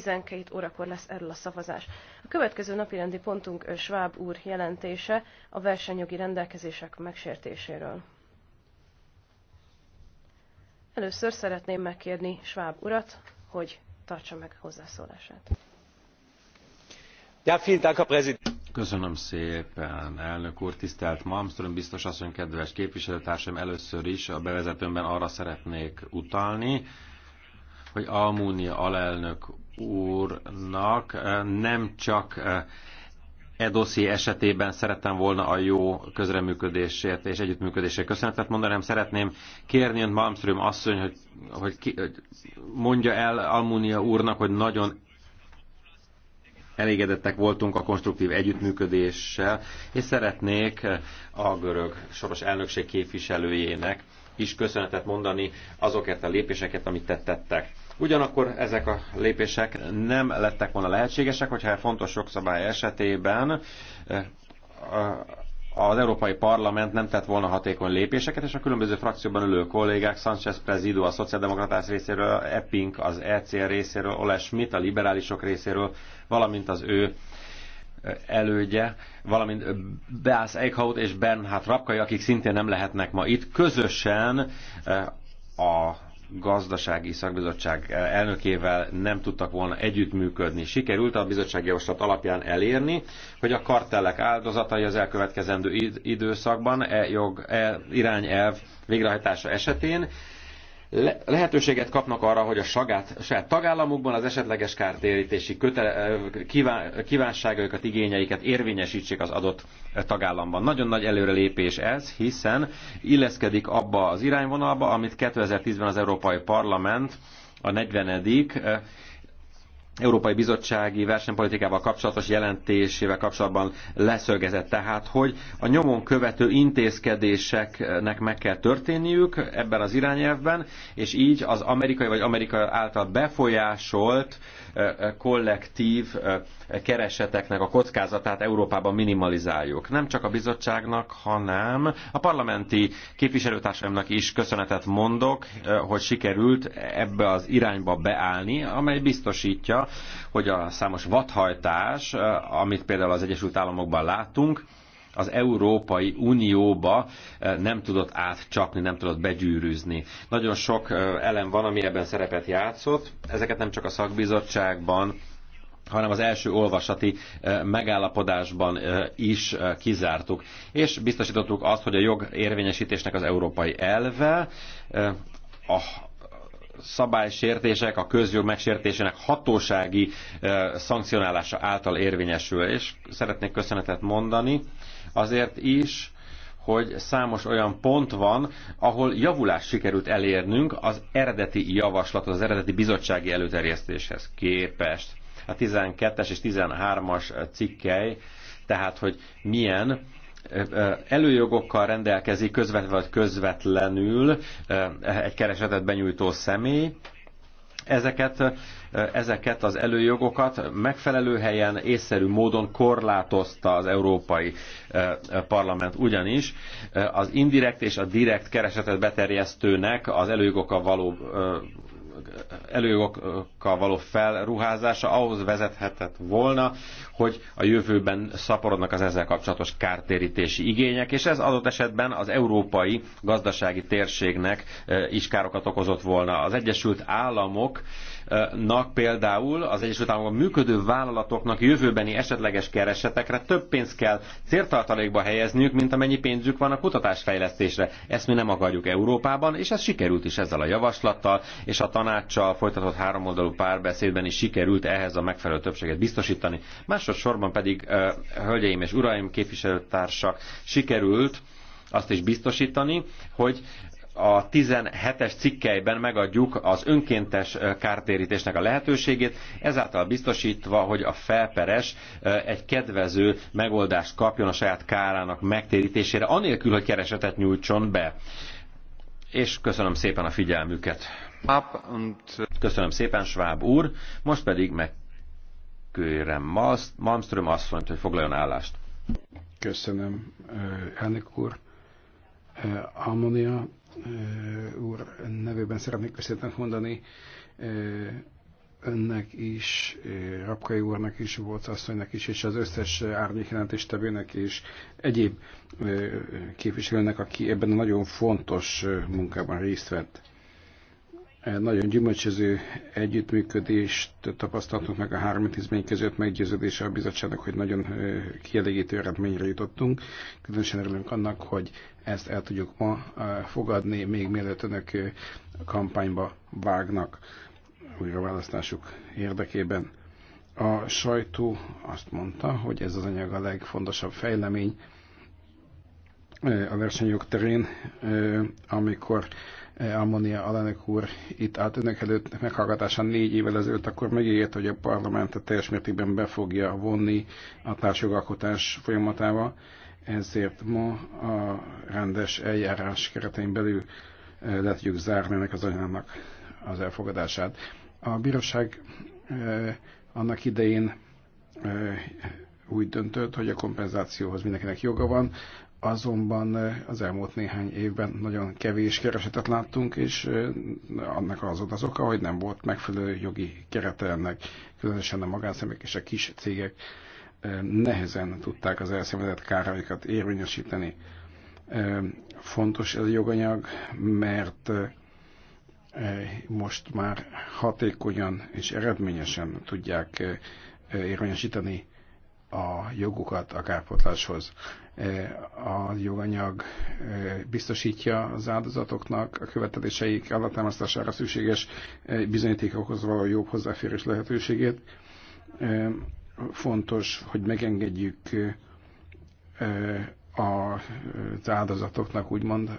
12 órakor lesz erről a szavazás. A következő napirendi pontunk Schwab úr jelentése a versenyjogi rendelkezések megsértéséről. Először szeretném megkérni Schwab urat, hogy tartsa meg hozzászólását. Ja, vielen Dank, Herr Köszönöm szépen, elnök úr, tisztelt Malmström, biztos asszony, kedves képviselőtársam, először is a bevezetőmben arra szeretnék utalni, hogy Almúnia alelnök úrnak. Nem csak eh, e esetében szerettem volna a jó közreműködésért és együttműködésért köszönetet mondani, hanem szeretném kérni önt Malmström asszony, hogy, hogy, ki, hogy mondja el Almunia úrnak, hogy nagyon elégedettek voltunk a konstruktív együttműködéssel, és szeretnék eh, a görög soros elnökség képviselőjének is köszönetet mondani azokért a lépéseket, amit tettettek. Ugyanakkor ezek a lépések nem lettek volna lehetségesek, hogyha fontos jogszabály esetében eh, az Európai Parlament nem tett volna hatékony lépéseket, és a különböző frakcióban ülő kollégák, Sanchez prezidó a szociáldemokratás részéről, Epping az ECR részéről, Ole Schmidt a liberálisok részéről, valamint az ő eh, elődje, valamint Beász Eichhout és Bernhard Rapkai, akik szintén nem lehetnek ma itt, közösen eh, a gazdasági szakbizottság elnökével nem tudtak volna együttműködni. Sikerült a bizottsági javaslat alapján elérni, hogy a kartellek áldozatai az elkövetkezendő időszakban e, jog, e irányelv végrehajtása esetén lehetőséget kapnak arra, hogy a, sagát, a saját tagállamukban az esetleges kártérítési kötele, kíván, kívánságaikat, igényeiket érvényesítsék az adott tagállamban. Nagyon nagy előrelépés ez, hiszen illeszkedik abba az irányvonalba, amit 2010-ben az Európai Parlament a 40 Európai Bizottsági versenypolitikával kapcsolatos jelentésével kapcsolatban leszögezett. Tehát, hogy a nyomon követő intézkedéseknek meg kell történniük ebben az irányelvben, és így az amerikai vagy Amerika által befolyásolt uh, kollektív kereseteknek a kockázatát Európában minimalizáljuk. Nem csak a bizottságnak, hanem a parlamenti képviselőtársaimnak is köszönetet mondok, hogy sikerült ebbe az irányba beállni, amely biztosítja, hogy a számos vadhajtás, amit például az Egyesült Államokban látunk, az Európai Unióba eh, nem tudott átcsapni, nem tudott begyűrűzni. Nagyon sok eh, elem van, ami ebben szerepet játszott. Ezeket nem csak a szakbizottságban, hanem az első olvasati eh, megállapodásban is kizártuk. És biztosítottuk azt, hogy a jog érvényesítésnek az európai elve a szabálysértések, a közjog megsértésének hatósági szankcionálása által érvényesül. És szeretnék köszönetet mondani azért is, hogy számos olyan pont van, ahol javulást sikerült elérnünk az eredeti javaslat az eredeti bizottsági előterjesztéshez képest. A 12-es és 13-as cikkely, tehát hogy milyen előjogokkal rendelkezik közvetve vagy közvetlenül egy keresetet benyújtó személy, ezeket, ezeket az előjogokat megfelelő helyen, észszerű módon korlátozta az Európai Parlament. Ugyanis az indirekt és a direkt keresetet beterjesztőnek az előjogokkal való előokkal való felruházása ahhoz vezethetett volna, hogy a jövőben szaporodnak az ezzel kapcsolatos kártérítési igények, és ez adott esetben az európai gazdasági térségnek eh, is károkat okozott volna. Az Egyesült Államok nak például az Egyesült Államokban működő vállalatoknak jövőbeni esetleges keresetekre több pénzt kell céltartalékba helyezniük, mint amennyi pénzük van a kutatásfejlesztésre. Ezt mi nem akarjuk Európában, és ez sikerült is ezzel a javaslattal, és a tanácssal folytatott háromoldalú párbeszédben is sikerült ehhez a megfelelő többséget biztosítani. Másodszorban pedig, hölgyeim és uraim, képviselőtársak, sikerült azt is biztosítani, hogy a 17-es cikkelyben megadjuk az önkéntes kártérítésnek a lehetőségét, ezáltal biztosítva, hogy a felperes egy kedvező megoldást kapjon a saját kárának megtérítésére, anélkül, hogy keresetet nyújtson be. És köszönöm szépen a figyelmüket. Köszönöm szépen, Schwab úr. Most pedig megkérem Malmström asszonyt, hogy foglaljon állást. Köszönöm, elnök úr. Ammonia úr nevében szeretnék köszönetet mondani önnek is, Rapkai úrnak is, volt asszonynak is, és az összes árnyékjelentéstevőnek és egyéb képviselőnek, aki ebben a nagyon fontos munkában részt vett. E, nagyon gyümölcsöző együttműködést tapasztaltunk meg a három intézmény között, meggyőződése a bizottságnak, hogy nagyon e, kielégítő eredményre jutottunk. Különösen örülünk annak, hogy ezt el tudjuk ma e, fogadni, még mielőtt önök kampányba vágnak újra választásuk érdekében. A sajtó azt mondta, hogy ez az anyag a legfontosabb fejlemény a versenyjog terén, amikor Almonia alelnök úr itt állt önök előtt meghallgatásán négy évvel ezelőtt, akkor megígért, hogy a a teljes mértékben be fogja vonni a társjogalkotás folyamatába, ezért ma a rendes eljárás keretein belül e, le tudjuk zárni ennek az anyának az elfogadását. A bíróság e, annak idején e, úgy döntött, hogy a kompenzációhoz mindenkinek joga van, azonban az elmúlt néhány évben nagyon kevés keresetet láttunk, és annak az volt az oka, hogy nem volt megfelelő jogi kerete ennek, különösen a magánszemek és a kis cégek nehezen tudták az elszenvedett káraikat érvényesíteni. Fontos ez a joganyag, mert most már hatékonyan és eredményesen tudják érvényesíteni a jogukat a kárpotláshoz. E, a joganyag e, biztosítja az áldozatoknak a követeléseik állattámasztására szükséges e, bizonyítékokhoz való jobb hozzáférés lehetőségét. Fontos, hogy megengedjük az áldozatoknak, úgymond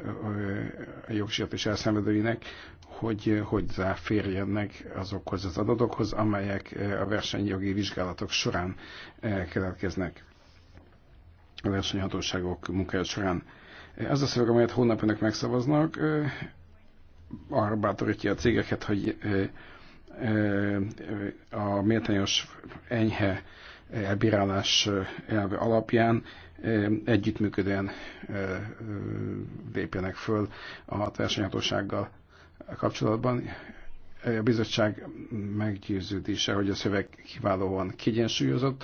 a jogsértés elszenvedőinek, hogy hogy hozzáférjenek azokhoz az adatokhoz, amelyek a versenyjogi vizsgálatok során keletkeznek a versenyhatóságok munkája során. Ez a szöveg, amelyet holnap önök megszavaznak, arra bátorítja a cégeket, hogy a méltányos enyhe elbírálás elve alapján együttműködően lépjenek föl a versenyhatósággal kapcsolatban. A bizottság meggyőződése, hogy a szöveg kiválóan kiegyensúlyozott,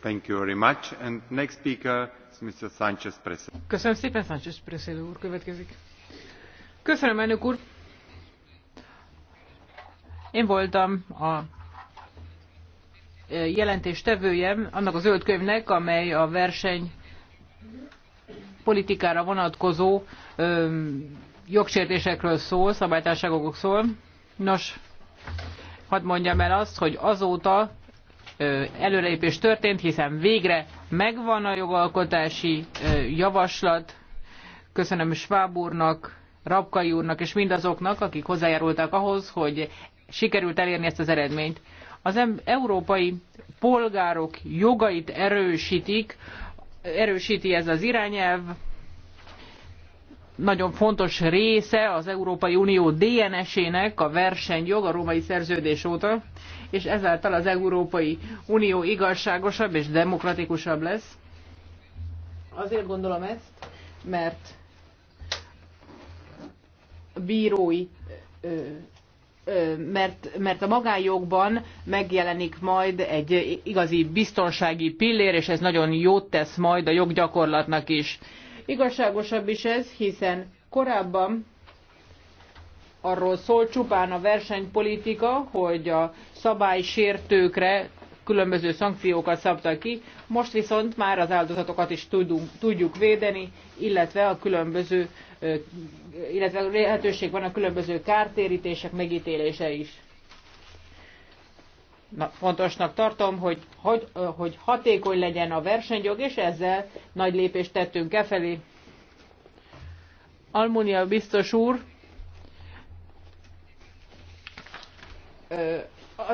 Köszönöm szépen, Köszönöm, elnök úr. Én voltam a eh, jelentéstevője annak a zöld könyvnek, amely a verseny politikára vonatkozó jogsértésekről szól, szabálytalanságokról szól. Nos, hadd mondjam el azt, hogy azóta előrelépés történt, hiszen végre megvan a jogalkotási javaslat. Köszönöm Schwab úrnak, Rabkai úrnak és mindazoknak, akik hozzájárultak ahhoz, hogy sikerült elérni ezt az eredményt. Az európai polgárok jogait erősítik, erősíti ez az irányelv, nagyon fontos része az Európai Unió DNS-ének a versenyjog a római szerződés óta, és ezáltal az Európai Unió igazságosabb és demokratikusabb lesz. Azért gondolom ezt, mert bírói mert, mert a magánjogban megjelenik majd egy igazi biztonsági pillér, és ez nagyon jót tesz majd a joggyakorlatnak is. Igazságosabb is ez, hiszen korábban arról szól csupán a versenypolitika, hogy a szabálysértőkre különböző szankciókat szabtak ki, most viszont már az áldozatokat is tudunk, tudjuk védeni, illetve a különböző, illetve lehetőség van a különböző kártérítések megítélése is fontosnak tartom, hogy, hogy, hogy hatékony legyen a versenyjog, és ezzel nagy lépést tettünk e felé. Almunia biztos úr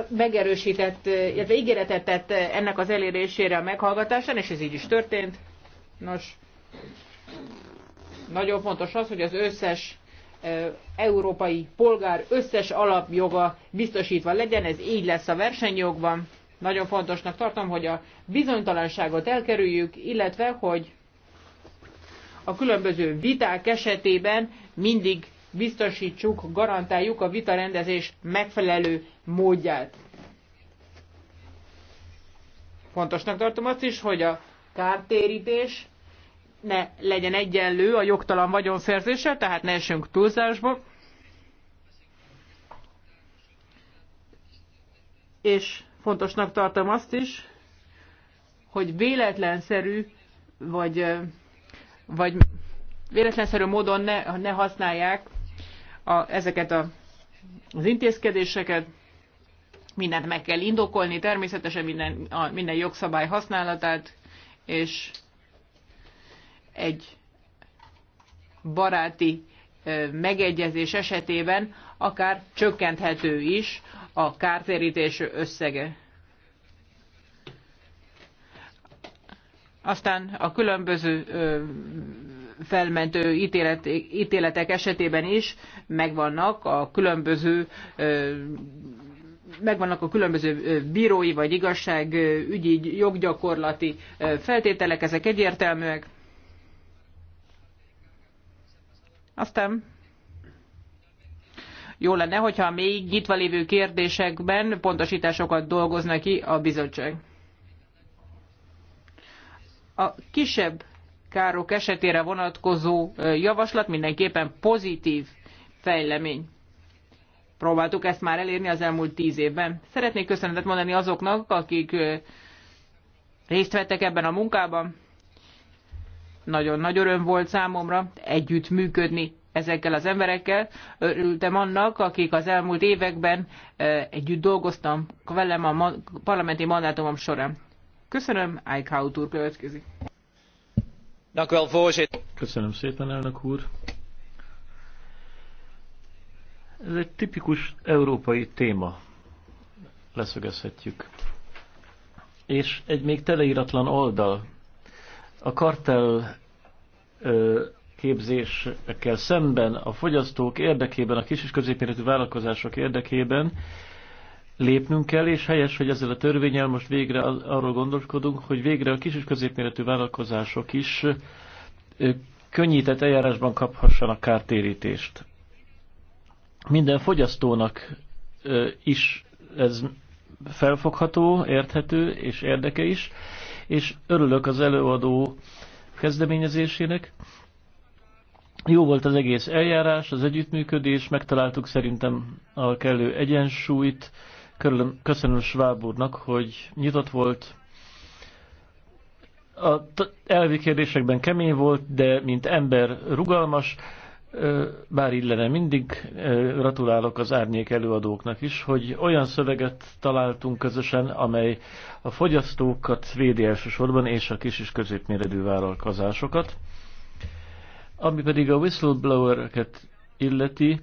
megerősített, illetve ígéretet tett ennek az elérésére a meghallgatásán, és ez így is történt. Nos, nagyon fontos az, hogy az összes európai polgár összes alapjoga biztosítva legyen, ez így lesz a versenyjogban. Nagyon fontosnak tartom, hogy a bizonytalanságot elkerüljük, illetve, hogy a különböző viták esetében mindig biztosítsuk, garantáljuk a vitarendezés megfelelő módját. Fontosnak tartom azt is, hogy a kártérítés ne legyen egyenlő a jogtalan vagyonszerzéssel, tehát ne essünk túlzásba. És fontosnak tartom azt is, hogy véletlenszerű, vagy, vagy véletlenszerű módon ne, ne használják a, ezeket a, az intézkedéseket. Mindent meg kell indokolni, természetesen minden, a, minden jogszabály használatát, és egy baráti megegyezés esetében akár csökkenthető is a kártérítés összege. Aztán a különböző felmentő ítélet, ítéletek esetében is megvannak a különböző megvannak a különböző bírói vagy igazságügyi joggyakorlati feltételek, ezek egyértelműek. Aztán jó lenne, hogyha még nyitva lévő kérdésekben pontosításokat dolgozna ki a bizottság. A kisebb károk esetére vonatkozó javaslat mindenképpen pozitív fejlemény. Próbáltuk ezt már elérni az elmúlt tíz évben. Szeretnék köszönetet mondani azoknak, akik részt vettek ebben a munkában. Nagyon nagy öröm volt számomra együtt működni ezekkel az emberekkel. Örültem annak, akik az elmúlt években együtt dolgoztam velem a parlamenti mandátumom során. Köszönöm, Eichhout úr következik. Köszönöm szépen, elnök úr. Ez egy tipikus európai téma, leszögezhetjük. És egy még teleíratlan oldal a kartel képzésekkel szemben, a fogyasztók érdekében, a kis és középméretű vállalkozások érdekében lépnünk kell, és helyes, hogy ezzel a törvényel most végre arról gondolkodunk, hogy végre a kis és középméretű vállalkozások is könnyített eljárásban kaphassanak kártérítést. Minden fogyasztónak is ez felfogható, érthető és érdeke is, és örülök az előadó kezdeményezésének. Jó volt az egész eljárás, az együttműködés, megtaláltuk szerintem a kellő egyensúlyt. Körülön köszönöm Schwab úrnak, hogy nyitott volt. A elvi kérdésekben kemény volt, de mint ember rugalmas bár illene mindig, gratulálok az árnyék előadóknak is, hogy olyan szöveget találtunk közösen, amely a fogyasztókat védi elsősorban, és a kis és középméretű vállalkozásokat. Ami pedig a whistleblowereket illeti,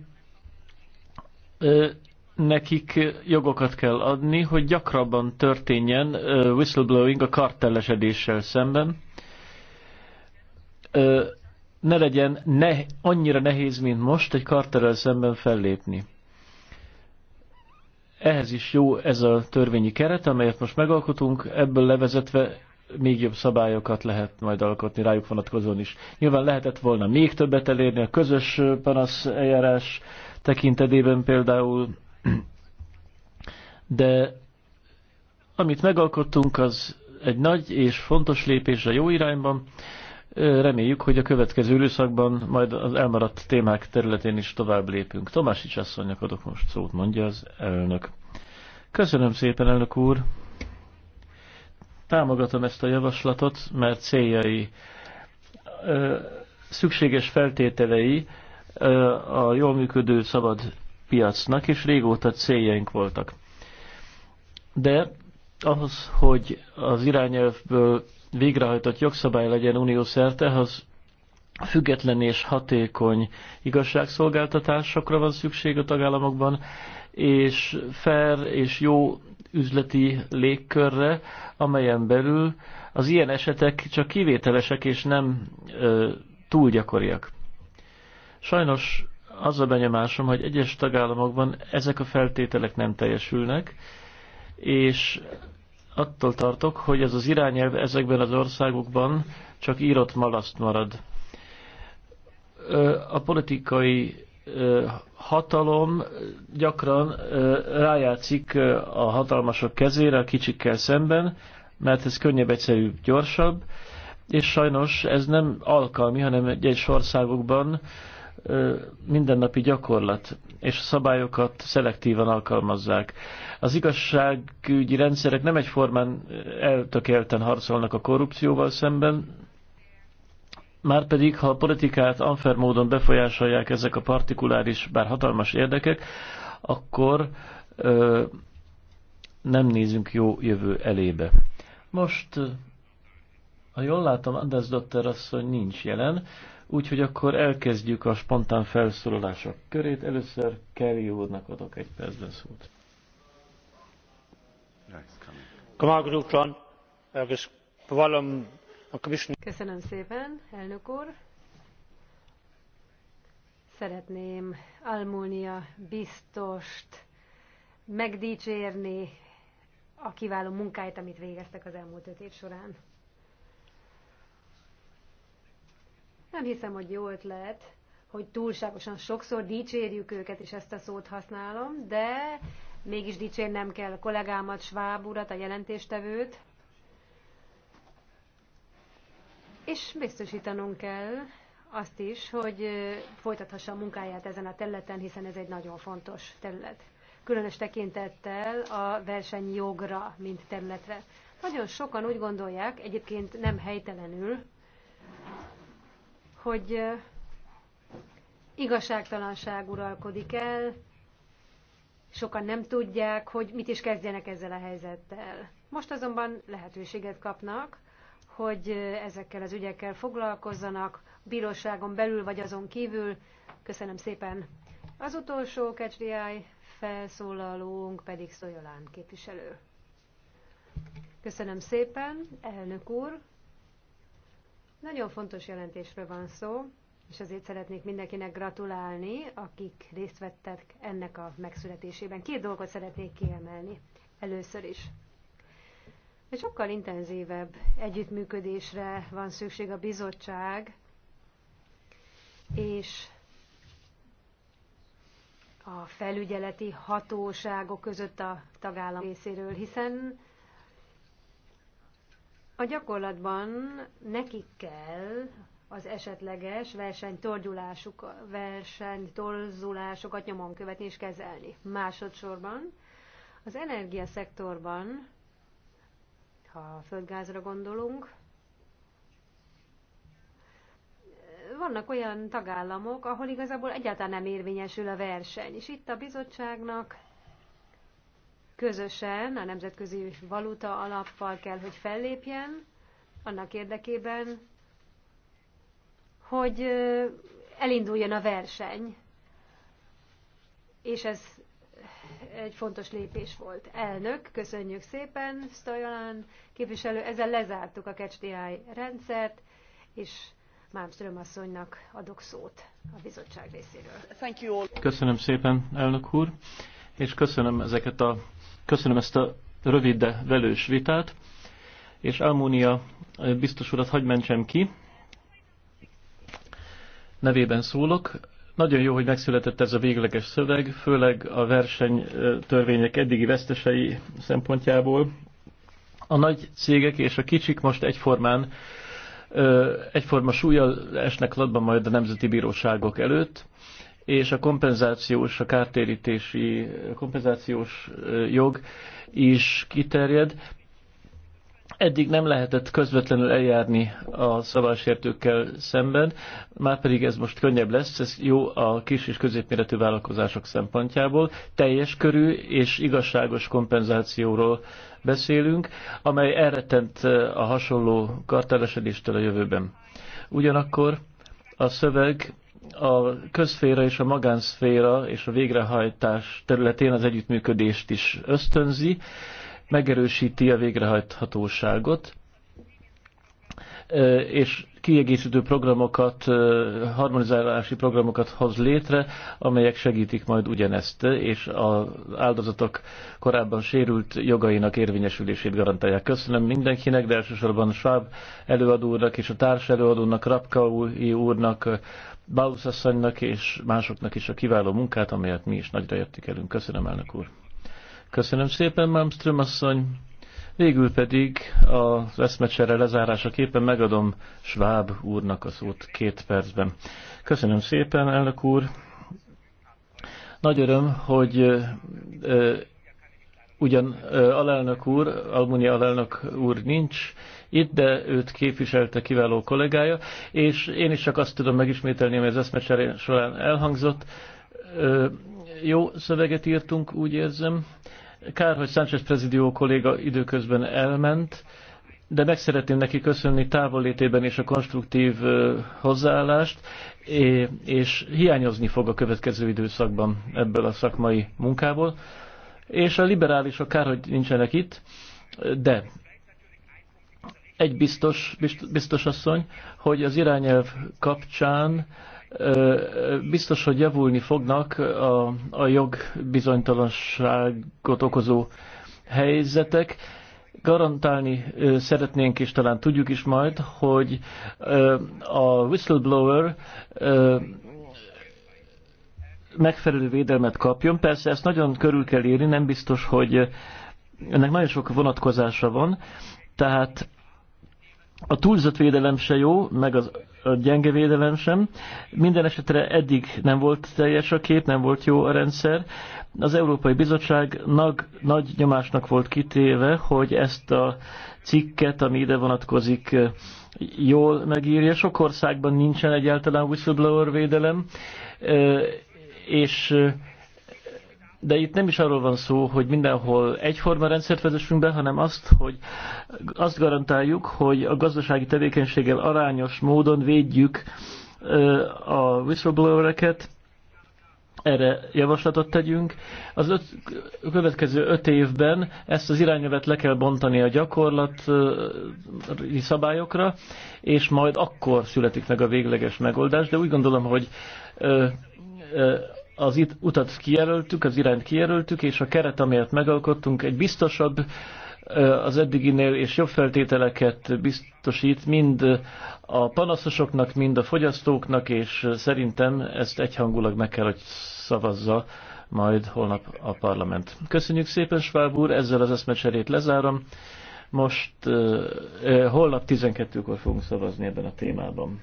nekik jogokat kell adni, hogy gyakrabban történjen whistleblowing a kartellesedéssel szemben ne legyen ne, annyira nehéz, mint most egy karterrel szemben fellépni. Ehhez is jó ez a törvényi keret, amelyet most megalkotunk, ebből levezetve még jobb szabályokat lehet majd alkotni rájuk vonatkozóan is. Nyilván lehetett volna még többet elérni a közös panasz eljárás tekintetében például, de amit megalkottunk, az egy nagy és fontos lépés a jó irányban. Reméljük, hogy a következő időszakban majd az elmaradt témák területén is tovább lépünk. Tomási asszonynak adok most szót, mondja az elnök. Köszönöm szépen, elnök úr! Támogatom ezt a javaslatot, mert céljai, szükséges feltételei a jól működő szabad piacnak, és régóta céljaink voltak. De ahhoz, hogy az irányelvből végrehajtott jogszabály legyen unió szerte, az független és hatékony igazságszolgáltatásokra van szükség a tagállamokban, és fair és jó üzleti légkörre, amelyen belül az ilyen esetek csak kivételesek és nem ö, túl gyakoriak. Sajnos az a benyomásom, hogy egyes tagállamokban ezek a feltételek nem teljesülnek, és attól tartok, hogy ez az irányelv ezekben az országokban csak írott malaszt marad. A politikai hatalom gyakran rájátszik a hatalmasok kezére, a kicsikkel szemben, mert ez könnyebb, egyszerűbb, gyorsabb, és sajnos ez nem alkalmi, hanem egyes országokban mindennapi gyakorlat, és a szabályokat szelektívan alkalmazzák. Az igazságügyi rendszerek nem egyformán eltökélten harcolnak a korrupcióval szemben, Márpedig, ha a politikát anfer módon befolyásolják ezek a partikuláris, bár hatalmas érdekek, akkor ö, nem nézünk jó jövő elébe. Most, ha jól látom, Anders Dotter asszony nincs jelen, Úgyhogy akkor elkezdjük a spontán felszólalások körét. Először Kelly úrnak adok egy percben szót. Köszönöm szépen, elnök úr. Szeretném Almónia biztost megdicsérni a kiváló munkáit, amit végeztek az elmúlt öt év során. Nem hiszem, hogy jó ötlet, hogy túlságosan sokszor dicsérjük őket, és ezt a szót használom, de mégis dicsérnem kell a kollégámat, Schwab urat, a jelentéstevőt, és biztosítanunk kell azt is, hogy folytathassa a munkáját ezen a területen, hiszen ez egy nagyon fontos terület. Különös tekintettel a versenyjogra, mint területre. Nagyon sokan úgy gondolják, egyébként nem helytelenül, hogy igazságtalanság uralkodik el, sokan nem tudják, hogy mit is kezdjenek ezzel a helyzettel. Most azonban lehetőséget kapnak, hogy ezekkel az ügyekkel foglalkozzanak, bíróságon belül vagy azon kívül. Köszönöm szépen. Az utolsó KCDI felszólalónk pedig Szolyolán képviselő. Köszönöm szépen, elnök úr. Nagyon fontos jelentésről van szó, és azért szeretnék mindenkinek gratulálni, akik részt vettek ennek a megszületésében. Két dolgot szeretnék kiemelni. Először is. De sokkal intenzívebb együttműködésre van szükség a bizottság és a felügyeleti hatóságok között a tagállam részéről, hiszen a gyakorlatban nekik kell az esetleges versenytorzulásokat nyomon követni és kezelni. Másodszorban az energiaszektorban, ha a földgázra gondolunk, vannak olyan tagállamok, ahol igazából egyáltalán nem érvényesül a verseny, és itt a bizottságnak közösen a Nemzetközi Valuta Alappal kell, hogy fellépjen, annak érdekében, hogy elinduljon a verseny. És ez egy fontos lépés volt. Elnök, köszönjük szépen, Stojolán képviselő, ezzel lezártuk a KCDI rendszert, és Mámström asszonynak adok szót a bizottság részéről. Köszönöm szépen, elnök úr és köszönöm, ezeket a, köszönöm ezt a rövid, de velős vitát, és Almónia biztos urat hagy mentsem ki, nevében szólok. Nagyon jó, hogy megszületett ez a végleges szöveg, főleg a versenytörvények eddigi vesztesei szempontjából. A nagy cégek és a kicsik most egyformán egyforma súlyjal esnek latba majd a nemzeti bíróságok előtt és a kompenzációs, a kártérítési kompenzációs jog is kiterjed. Eddig nem lehetett közvetlenül eljárni a szabásértőkkel szemben, már pedig ez most könnyebb lesz, ez jó a kis és középméretű vállalkozások szempontjából. Teljes körű és igazságos kompenzációról beszélünk, amely elretent a hasonló kartelesedéstől a jövőben. Ugyanakkor a szöveg a közszféra és a magánszféra és a végrehajtás területén az együttműködést is ösztönzi, megerősíti a végrehajthatóságot, és kiegészítő programokat, harmonizálási programokat hoz létre, amelyek segítik majd ugyanezt, és az áldozatok korábban sérült jogainak érvényesülését garantálják. Köszönöm mindenkinek, de elsősorban Schwab előadónak és a társ előadónak, Rapkaui úrnak, Bausz asszonynak és másoknak is a kiváló munkát, amelyet mi is nagyra értékelünk. Köszönöm, elnök úr! Köszönöm szépen, Malmström asszony! Végül pedig az eszmecsere lezárásaképpen megadom Schwab úrnak a szót két percben. Köszönöm szépen, elnök úr. Nagy öröm, hogy ö, ugyan ö, alelnök úr, Almunia alelnök úr nincs itt, de őt képviselte kiváló kollégája, és én is csak azt tudom megismételni, ami az eszmecsere során elhangzott. Ö, jó szöveget írtunk, úgy érzem Kár, hogy Sánchez prezidió kolléga időközben elment, de meg szeretném neki köszönni távolétében és a konstruktív hozzáállást, és hiányozni fog a következő időszakban ebből a szakmai munkából. És a liberálisok kár, hogy nincsenek itt, de egy biztos, biztos asszony, hogy az irányelv kapcsán biztos, hogy javulni fognak a, a jogbizonytalanságot okozó helyzetek. Garantálni szeretnénk, és talán tudjuk is majd, hogy a whistleblower megfelelő védelmet kapjon. Persze ezt nagyon körül kell írni, nem biztos, hogy ennek nagyon sok vonatkozása van, tehát a túlzott védelem se jó, meg az, a gyenge védelem sem. Minden esetre eddig nem volt teljes a kép, nem volt jó a rendszer. Az Európai Bizottság nag, nagy nyomásnak volt kitéve, hogy ezt a cikket, ami ide vonatkozik, jól megírja. Sok országban nincsen egyáltalán whistleblower védelem, és de itt nem is arról van szó, hogy mindenhol egyforma rendszert vezessünk be, hanem azt, hogy azt garantáljuk, hogy a gazdasági tevékenységgel arányos módon védjük a whistleblowereket, erre javaslatot tegyünk. Az öt, következő öt évben ezt az irányövet le kell bontani a gyakorlati szabályokra, és majd akkor születik meg a végleges megoldás, de úgy gondolom, hogy ö, ö, az itt utat kijelöltük, az irányt kijelöltük, és a keret, amelyet megalkottunk, egy biztosabb az eddiginél és jobb feltételeket biztosít mind a panaszosoknak, mind a fogyasztóknak, és szerintem ezt egyhangulag meg kell, hogy szavazza majd holnap a parlament. Köszönjük szépen, Schwab úr, ezzel az eszmecserét lezárom. Most eh, holnap 12-kor fogunk szavazni ebben a témában.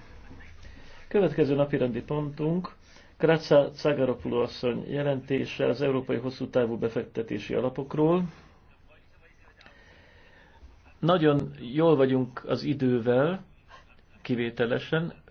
Következő napi rendi pontunk Kraca Cágarapuló asszony jelentése az Európai Hosszú Távú Befektetési Alapokról. Nagyon jól vagyunk az idővel, kivételesen.